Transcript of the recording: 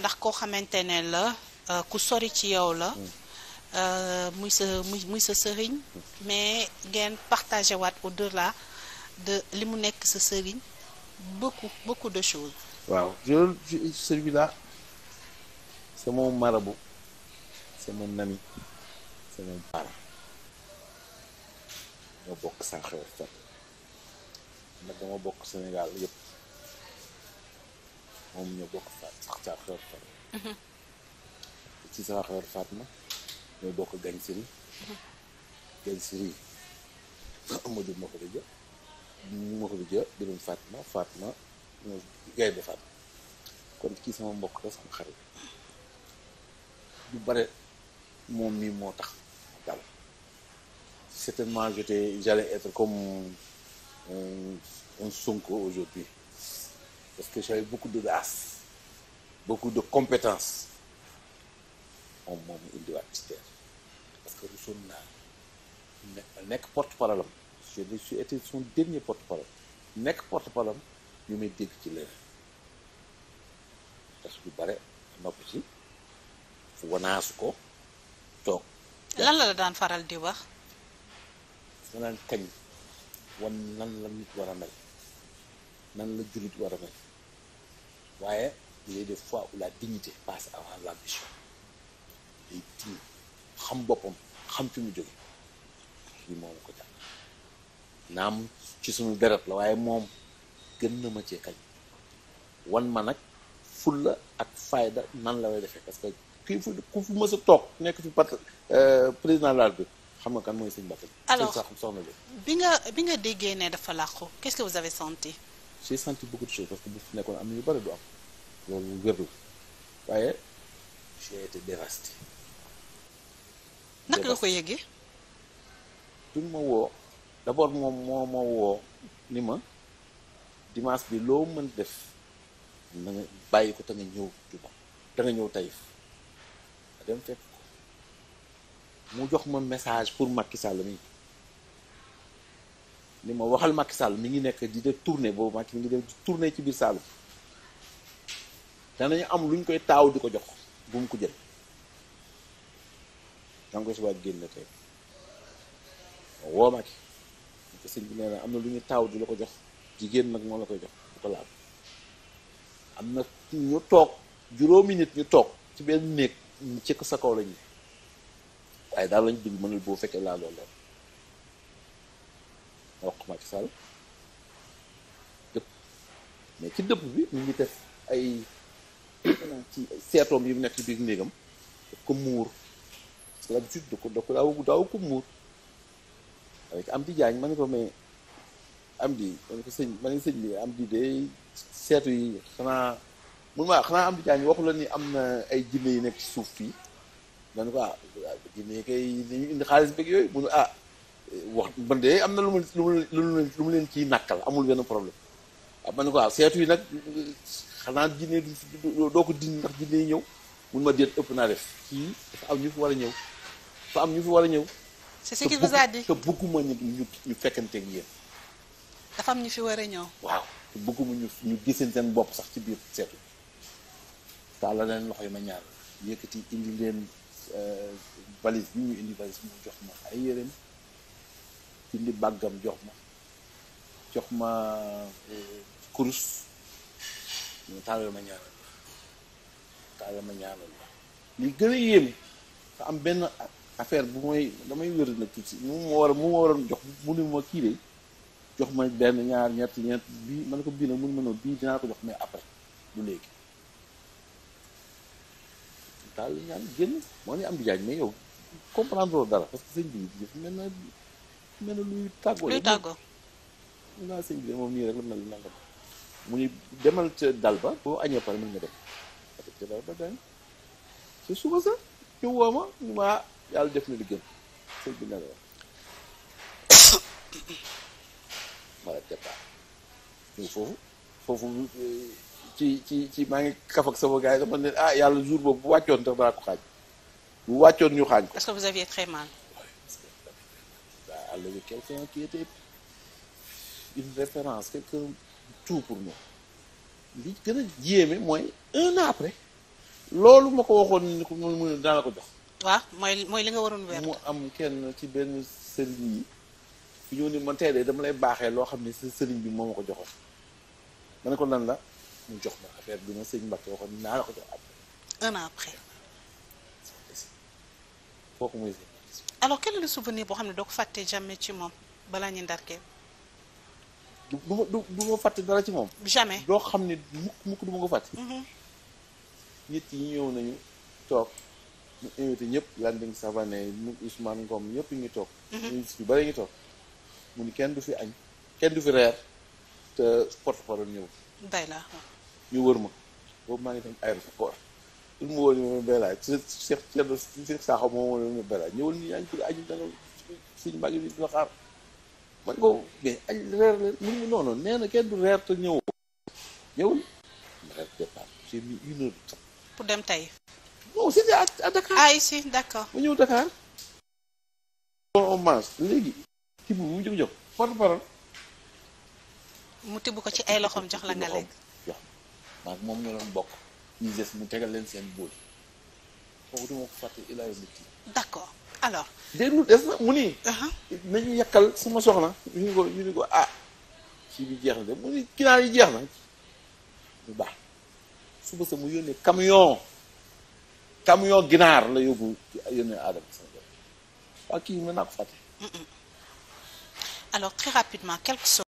ndax koo xamante ne la euh, ku sori ci yow la mm. euh, muy sa muy muy sa sëriñ mm. mais ngeen partagé waat au la de li mu nekk sa sëriñ beaucoup de choses waaw je celui-là c'est mon marabout c'est mon ami c'est mon parent ñoo bokk sànq dama bokk Sénégal yëpp moom ñoo bokk faat sax sax xewar faat ma ñoo bokk gañ siri gañ siri ma jub ma ko bi jë ma ko bi jë birum faat ma faat ma ñoo gay ba faat kon kii sama mbokk la sama xarit du bare moom mii moo tax dal certainement j'étais j'allais être comme euh, un Sonko aujourd'hui parce que j'avais beaucoup de race beaucoup de compétences moom moom indiwaat parce que rusoon naa nekk porte-parole am je suis été son dernier porte-parole nekk porte-parole am ñu may dégg ci leneen parce que bare nopp ci wanaasu ko toog lan la la daan faral di wax. ma naan kañ wan nan war a mel nan la jullit war a mel waaye il est fois la dignité passe avant l'ambition day tiim xam boppam xam fi mu jóge lii moomu ko jàng naam ci suñu deret la waaye moom gën na ma ci kañ wan ma nag la ak fayda nan la way defee parce que kii fu ku fi mës a toog nekk fi pat euh, président laal bi xam nga kan mooy sëñ Mbacké alors soxna bi bi nga bi nga déggee ne dafa làqu qu'est-ce que vous avez senti j'ai senti beaucoup de choses parce que bu nekkoon am na yu bëri du am loolu wér la waaye j'ai été dévasté. naka nga ko yëgee. duñ ma woo d'abord moom moo ma woo ni ma dimanche bi loo mën def na bàyyi ko te nga ñëw juba te nga ñëw tayif dem fekk ko mu jox ma message pour Macky Sall mi. ni ma waxal Macky Sall mi ngi nekk di def tournée boobu Macky mi ngi def tournée ci biir Saalum danañu am lu ñu koy taaw di ko jox bu mu ko jël da nga koy subaaj génn tey woo Macky sëñ am na lu ñu taaw di ko jox jigéen nag moo la koy jox bu ko laal am na ñu toog juróomi nit ñu toog ci benn néeg ci sa kaw la waaye daal lañ dugg mënul boo fekkee laa loolu nga wax ko Macky Sall dëpp mais ci dëpp bi mu ngi def ay ci seetoom yi mu nekk ci biir néegam daf ko muur parce que l'habitude da ko da ko daaw daaw ko muur avec am di jaañ ma ne ko mais am di ma ne ko sëñ ma sëñ bi am di de seetu yi xanaa mun maa xanaa am di jaañ waxu la ni am na ay jinne yi nekk ci suuf fii ma ko ah jinne kay dañu indi xaalis beeg yooyu munu ah wax man de am na lu ma lu mu lu mu leen ciy nàkkal amul benn problème ah, na ko quoi ah, seetu yi nag xanaa jinne doo ko dindi ndax jinne yi ñëw mun ma déet ëpp naa def kii dafa am ñu fi war a ñëw dafa am ñu fi war a ñëw. c'est ce qu'il vous a ñu ñu ñu fekkanteeg yéen. dafa am ñu fi war a ñëw. waaw te ñu ñu giseen seen bopp sax ci biir seetu taala leen loxo yi ma ñaar yëkkati indi leen euh, valise bi ñu indi valise bi mu jox ma ay yéreem. indi bàggam jox ma jox ma euh, kurus ñu taalal ma ñaanal ma ñaanal la li gën a yéeme te am benn affaire bu mooy damay wér na tuuti mu ma war mu ma waroon jox mu ma kii de jox ma benn ñaar ñett ñett bii man ko bii nag mun ma bii dinaa ko jox mais après du léegi taalal ñaan génn moo ne am di jaaj yow comprendre dara parce que sëñ bi dafa mel na mel na luy tàggoo luy tàggoo naa sëñ bi moom nii rek la mel na nangam mu ni demal ca dal ba boo añee pare mën nga dem parce que suba sax ñu ñu ma ah, yàlla def na li gën sëñ bi nelaw mala foofu eh, ci ci ci maa ngi kaf ak sama gars yi dama ne ah yàlla jour boobu bu wàccoon sax danaa ko xaaj bu wàccoon ñu xaañ ko. parce que avec quelqu'un qui était une référence quelqu'un tout pour moi li gën a jéeme mooy un après loolu ma ko waxoon ni ko mu mu ne daana ko jox waaw mooy li nga waroon weer mu am kenn ci benn sëriñ yi ku ñëw ni ma tey de dama lay baaxee loo xam ne sa sëriñ bi moom ma ko joxoon ma ne ko lan la mu jox ma affaire bi ma sëriñ Mbacke waxoon naa la ko jox après un an après kooku muy sëriñ alors quel est le souvenir boo xam ne doo ko fàtte jamais ci moom balaa ñu ndarkee du du ma fàtte dara ci moom jamais doo xam ne mukk mukk du ma ko fàtte mm-hmm. nit nañu toog invité ñëpp Landing Savané mu Ousmane Ngom ñëpp ñu toog ministre mm-hmm. yu bëri ñu toog mu ni kenn du fi añ kenn du fi reer te porte-parole ñëw day la ñu wër ma boobu maa ngi dem aéroport tur mu woo ñu moom moo ñu Mbella ñëwal ñu añ añu da suñ mag yi dina ko mais na kenn du reer te ñëwoo ñëwul ma de temps pour dem tey. non c'était à ah, mu ñëw Dakar. mu jóg jóg porte tibb ko ci ay loxoom jox la nga lekk. jox moom ñu doon bokk. ñuy mu tegal leen seen bóol foofu duma ko fàtte ilaayu nit yi d'accord de déedéet des na mu nii uh-huh. nañu yàkkal suma soxna ñu ni ñu ni ko ah ci bi jeex na de mu ni ginaar yi jeex na bu baax suba sa mu yónnee camion camion ginaar la yóbbu yónnee aadama Sénégal waa kii mën naa ko fàtte alors très rapidement quelque chose